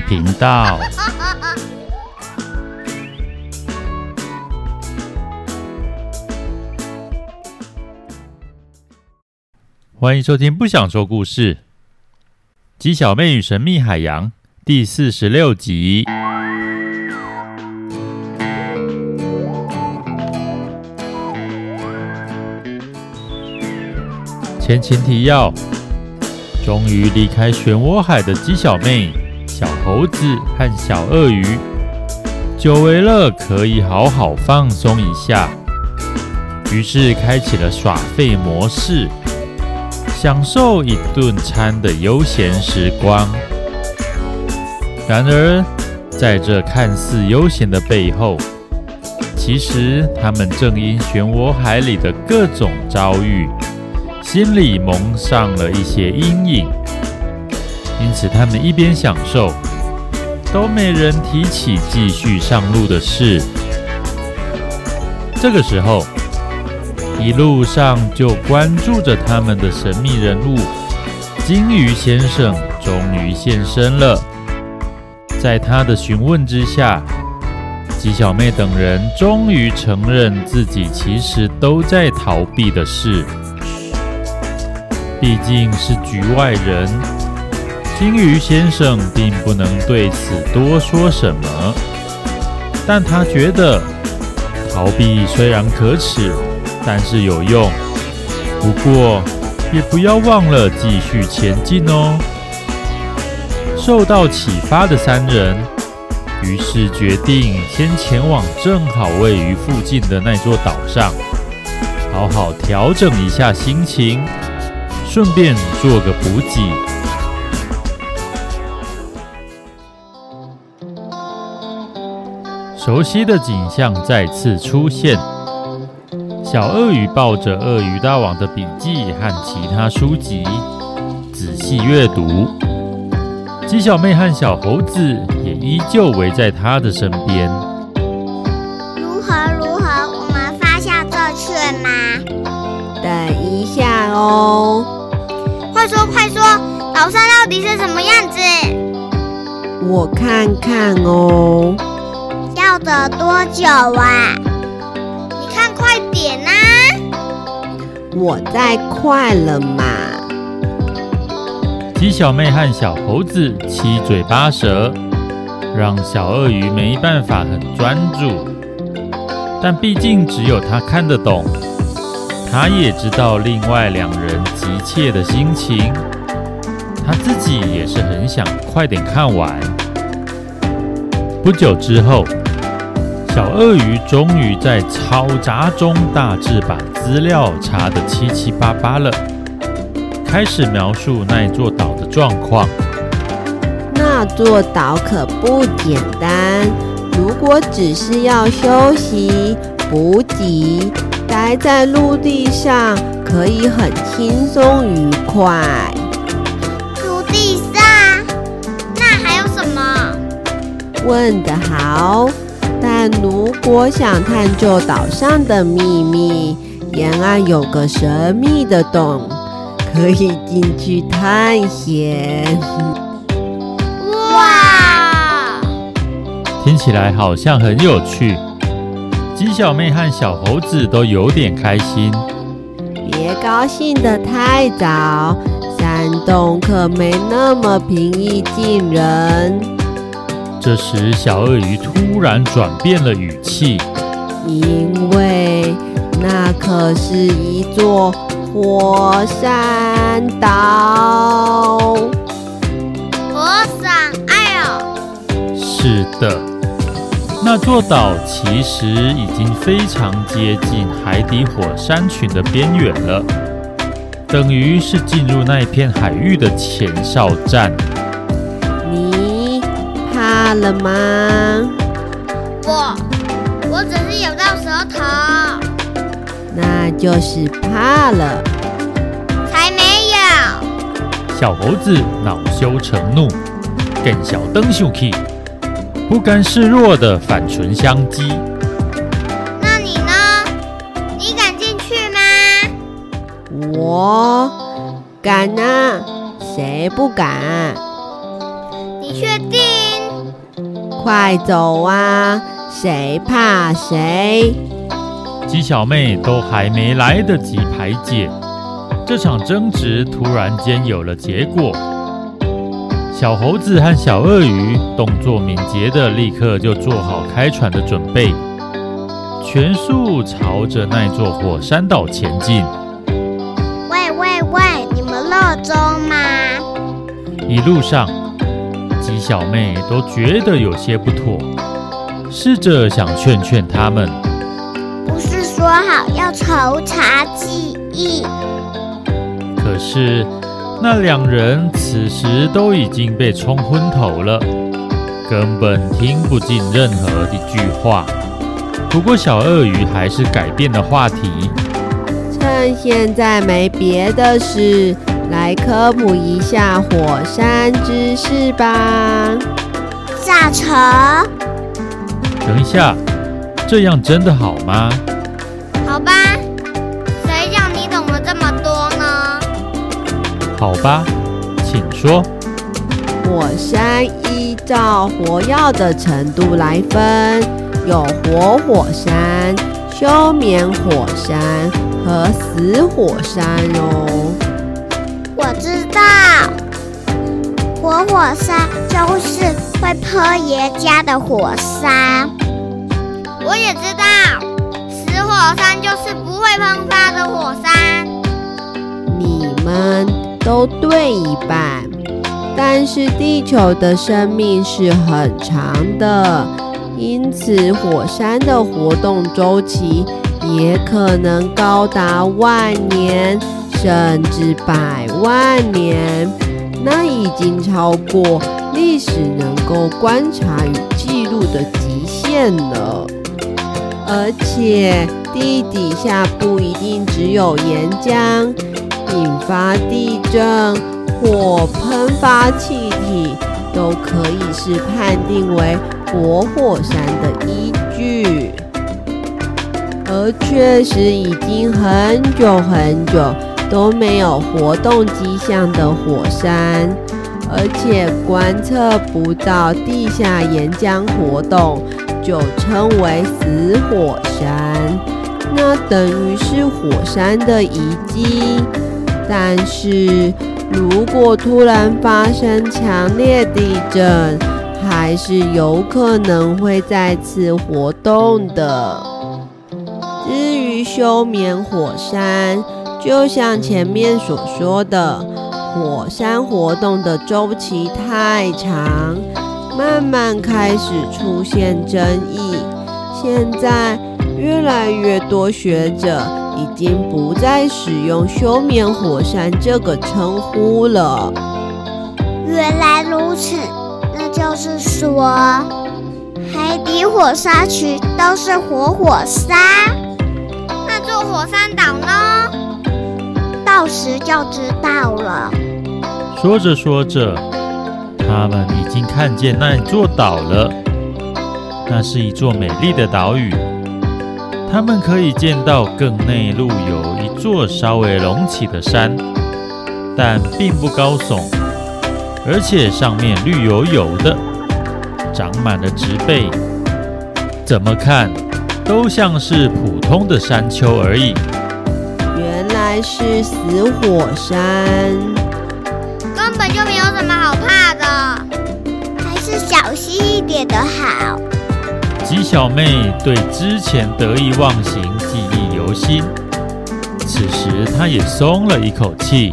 頻道，歡迎收聽《不想說故事》雞小妹與神秘海洋第四十六集。前情提要：終於離開漩渦海的雞小妹。猴子和小鱷魚久違了，可以好好放鬆一下，於是開啟了耍廢模式，享受一頓餐的悠閒時光。然而，在這看似悠閒的背後，其實他們正因漩渦海裡的各種遭遇，心裡蒙上了一些陰影。因此，他們一邊享受。都沒人提起繼續上路的事。這個時候，一路上就關注着他們的神秘人物——金魚先生，終於現身了。在他的詢問之下，雞小妹等人終於承認自己其實都在逃避的事。畢竟是局外人。鯨魚先生並不能對此多說什麼，但他覺得逃避雖然可恥，但是有用。不過也不要忘了繼續前進哦。受到啟發的三人，於是決定先前往正好位於附近的那座島上，好好調整一下心情，順便做個補給。熟悉的景象再次出現。小鱷魚抱着鱷魚大王的筆記和其他書籍，仔細閱讀。雞小妹和小猴子也依舊圍在他的身邊。如何如何？我們發現正確嗎？等一下哦。快說快說！島上到底是什麼樣子？我看看哦。等多久啊？你看快點吶！我在快了嘛。雞小妹和小猴子七嘴八舌，讓小鱷魚沒辦法很專注。但畢竟只有他看得懂，他也知道另外兩人急切的心情。他自己也是很想快點看完。不久之後。小鱷魚終於在嘈雜中大致把資料查得七七八八了，開始描述那座島的狀況。那座島可不簡單，如果只是要休息、補給，待在陸地上可以很輕鬆愉快。陸地上，那還有什麼？問得好。但如果想探究島上的秘密，沿岸有個神秘的洞，可以進去探險。 哇！聽起來好像很有趣。雞小妹和小猴子都有點開心。別高興得太早，山洞可沒那麼平易近人。這時，小鱷魚突然轉變了語氣，因為那可是一座火山島。火山島。是的，那座島其實已經非常接近海底火山群的邊緣了，等於是進入那片海域的前哨站。了嗎？不，我只是咬到舌頭。那就是怕了？才沒有。小猴子惱羞成怒，跟小燈秀氣，不甘示弱的反唇相譏。那你呢？你敢進去嗎？我？敢呢，啊，誰不敢？你確定？嗯。快走啊！誰怕誰？雞小妹都還沒來得及排解這場爭執，突然間有了結果。小猴子和小鱷魚動作敏捷的，立刻就做好開船的準備，全速朝着那座火山島前進。喂喂喂！你們樂中嗎？一路上。小妹都覺得有些不妥，試着想勸勸他們。不是說好要抽查記憶？可是那兩人此時都已經被沖昏頭了，根本聽不進任何一句話。不過小鱷魚還是改變了話題，趁現在沒別的事，來科普一下火山知識吧。下車，等一下，這樣真的好嗎？好吧，誰叫你懂得這麼多呢？好吧，請說。火山依照活躍的程度來分，有活火山、休眠火山和死火山哦。活火，火山就是會噴岩漿的火山，我也知道。死火山就是不會噴發的火山。你們都對一半，但是地球的生命是很長的，因此火山的活動周期也可能高達萬年甚至百萬年。那已經超過歷史能夠觀察與記錄的極限了，而且地底下不一定只有岩漿，引發地震或噴發氣體都可以是判定為活火山的依據，而確實已經很久很久。都沒有活動跡象的火山，而且觀測不到地下岩漿活動，就稱為死火山。那等於是火山的遺跡。但是，如果突然發生強烈地震，還是有可能會再次活動的。至於休眠火山。就像前面所說的，火山活動的周期太長，慢慢開始出現爭議。現在越來越多學者已經不再使用“休眠火山”這個稱呼了。原來如此，那就是說，海底火山群都是活火，火，火山。那座火山島呢？到時就知道了。說着說着，他們已經看見那座島了。那是一座美麗的島嶼。他們可以見到更內陸有一座稍微隆起的山，但並不高聳，而且上面綠油油的，長滿了植被，怎麼看都像是普通的山丘而已。是死火山，根本就沒有什麼好怕的，還是小心一點的好。雞小妹對之前得意忘形記憶猶新，此時她也鬆了一口氣。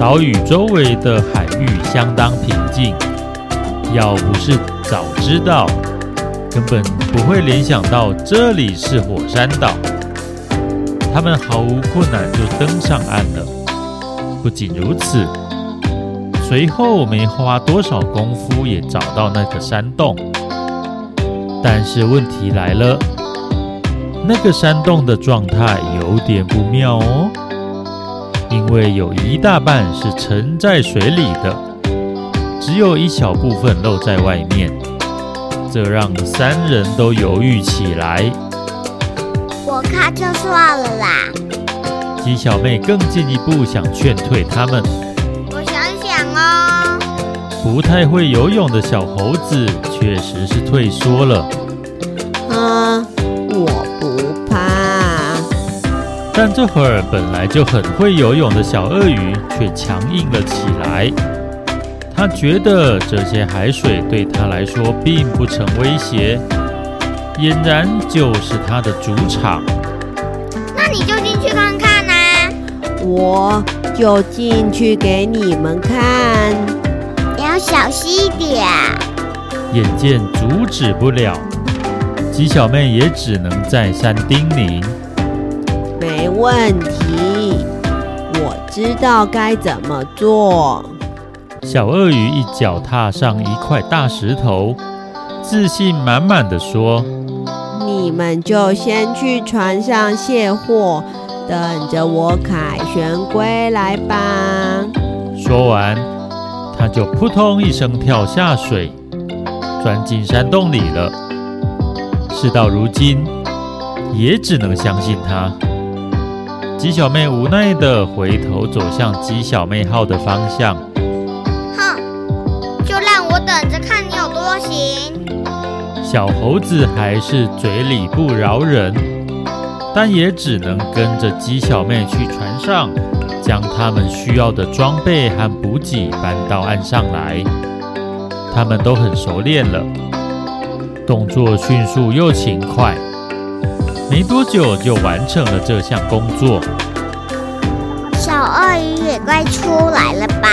島嶼周圍的海域相當平靜，要不是早知道，根本不會聯想到這裡是火山島。他們毫無困難就登上岸了。不僅如此，隨後沒花多少功夫也找到那個山洞。但是問題來了，那個山洞的狀態有點不妙哦，因為有一大半是沉在水裡的，只有一小部分露在外面，這讓三人都猶豫起來。我看就算了啦。雞小妹更進一步想勸退他們。我想想哦。不太會游泳的小猴子確實是退縮了。嗯，我不怕。但這會兒本來就很會游泳的小鱷魚卻強硬了起來。他覺得這些海水對他來說並不成威脅。儼然就是他的主場。那你就進去看看吶、啊，我就進去給你們看。你要小心一點、啊。眼見阻止不了，雞小妹也只能再三叮嚀。沒問題，我知道該怎麼做。小鱷魚一腳踏上一塊大石頭，自信滿滿的說。你們就先去船上卸貨，等着我凱旋歸來吧。說完，他就撲通一聲跳下水，鑽進山洞裡了。事到如今，也只能相信他。雞小妹無奈地回頭走向雞小妹號的方向。小猴子還是嘴裡不饒人，但也只能跟着雞小妹去船上，將他們需要的裝備和補給搬到岸上來。他們都很熟練了，動作迅速又勤快，沒多久就完成了這項工作。小鱷魚也該出來了吧？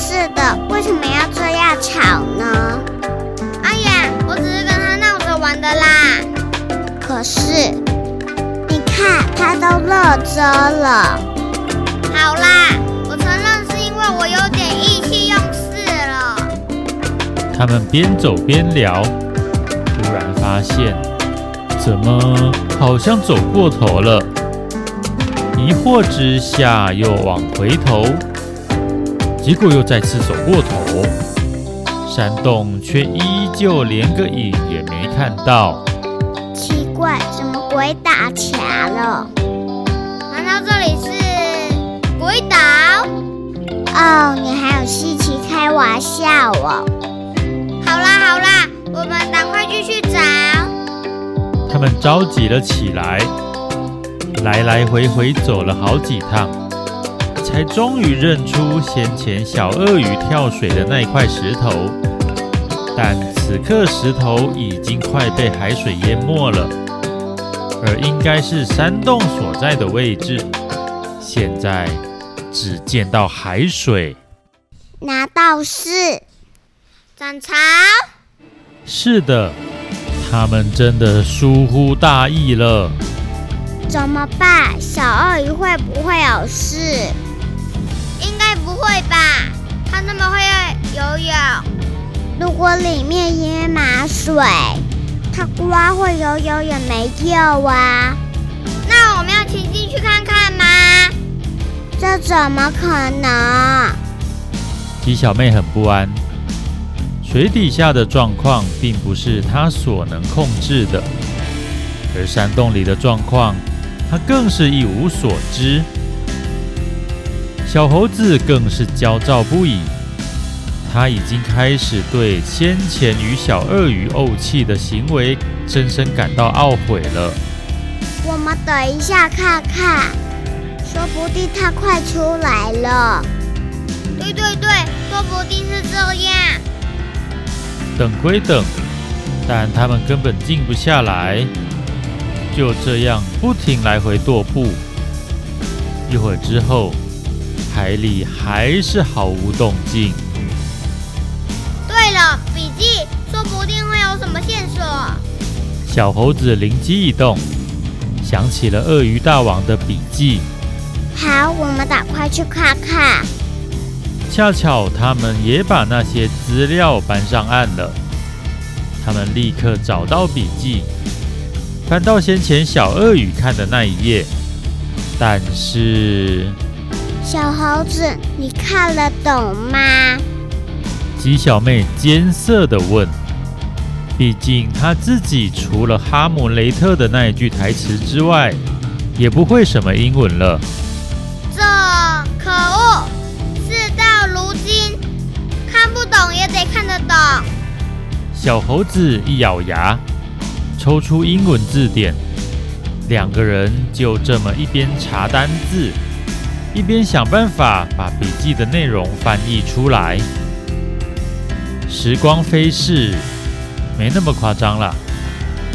是的，為什麼要這樣吵呢？哎呀，我只是跟他鬧着玩的啦。可是，你看他都樂着了。好啦，我承認是因為我有點意氣用事了。他們邊走邊聊，突然發現怎麼好像走過頭了，疑惑之下又往回頭。結果又再次走過頭，山洞卻依舊連個影也沒看到。奇怪，怎麼鬼打牆了？難道這裡是鬼島？哦，你還有稀奇開玩笑哦！好啦好啦，我們趕快繼續找。他們着急了起來，來來回回走了好幾趟。才終於認出先前小鱷魚跳水的那一塊石頭，但此刻石頭已經快被海水淹沒了，而應該是山洞所在的位置。現在只見到海水，難道是漲潮？是的，他們真的疏忽大意了。怎麼辦？小鱷魚會不會有事？應該不會吧？它那麼會游泳，如果裡面淹滿水，它刮會游泳也沒救啊。那我們要潛進去看看嗎？這怎麼可能？雞小妹很不安，水底下的狀況並不是她所能控制的，而山洞裡的狀況，她更是一無所知。小猴子更是焦躁不已，他已經開始對先前與小鱷魚慪氣的行為深深感到懊悔了。我們等一下看看，說不定它快出來了。對對對，說不定是這樣。等歸等，但他們根本靜不下來，就這樣不停來回踱步。一會兒之後。海裡還是毫無動靜。對了，筆記說不定會有什麼線索。小猴子靈機一動，想起了鱷魚大王的筆記。好，我們趕快去看看。恰巧他們也把那些資料搬上岸了。他們立刻找到筆記，翻到先前小鱷魚看的那一頁，但是……小猴子，你看得懂嗎？雞小妹艱澀地問。畢竟她自己除了哈姆雷特的那一句台詞之外，也不會什麼英文了。這可惡！事到如今，看不懂也得看得懂。小猴子一咬牙，抽出英文字典，兩個人就這麼一邊查單字。一邊想辦法把筆記的內容翻譯出來。時光飛逝，沒那麼誇張了。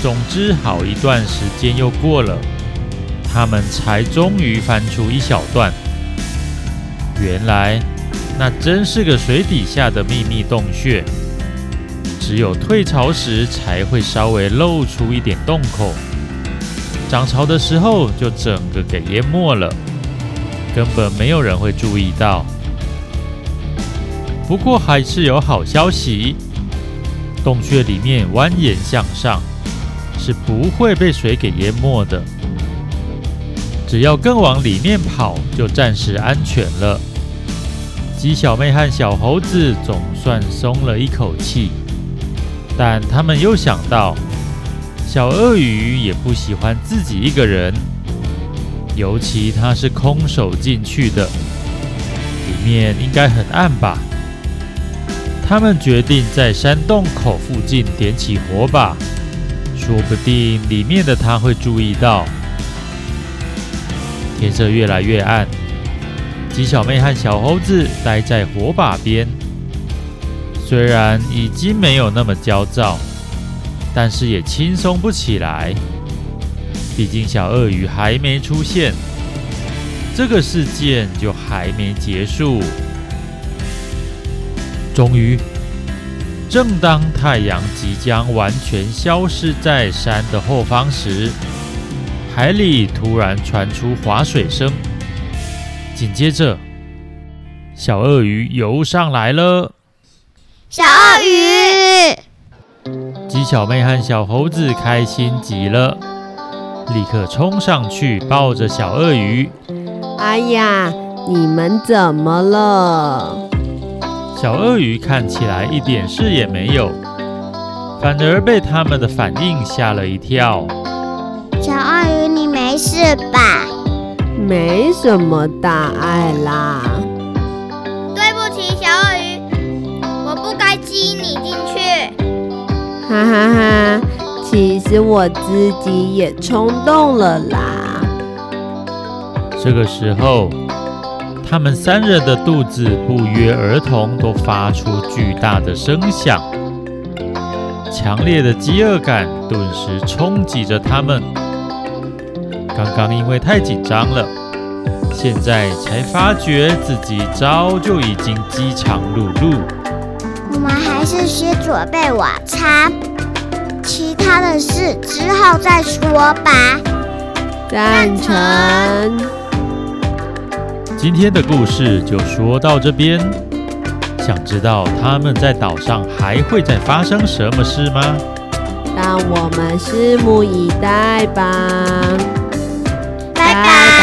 總之，好一段時間又過了，他們才終於翻出一小段。原來，那真是個水底下的秘密洞穴，只有退潮時才會稍微露出一點洞口，漲潮的時候就整個給淹沒了。根本沒有人會注意到。不過還是有好消息，洞穴裡面蜿蜒向上，是不會被水給淹沒的。只要更往裡面跑，就暫時安全了。雞小妹和小猴子總算鬆了一口氣，但他們又想到，小鱷魚也不喜歡自己一個人。尤其他是空手進去的，裡面應該很暗吧？他們決定在山洞口附近點起火把，說不定裡面的他會注意到。天色越來越暗，雞小妹和小猴子待在火把邊，雖然已經沒有那麼焦躁，但是也輕鬆不起來。畢竟小鱷魚還沒出現，這個事件就還沒結束。終於，正當太陽即將完全消失在山的後方時，海裡突然傳出划水聲，緊接着，小鱷魚游上來了。小鱷魚！雞小妹和小猴子開心極了。立刻衝上去抱着小鱷魚。哎呀，你們怎麼了？小鱷魚看起來一點事也沒有，反而被他們的反應嚇了一跳。小鱷魚，你沒事吧？沒什麼大礙啦。對不起，小鱷魚，我不該激你進去。哈哈哈。其實我自己也衝動了啦。這個時候，他們三人的肚子不約而同都發出巨大的聲響，強烈的飢餓感頓時衝擊着他們。剛剛因為太緊張了，現在才發覺自己早就已經飢腸轆轆。我們還是先準備晚餐，其他的事之後再說吧。贊成。今天的故事就說到這邊，想知道他們在島上還會再發生什麼事嗎？讓我們拭目以待吧。拜拜。拜拜。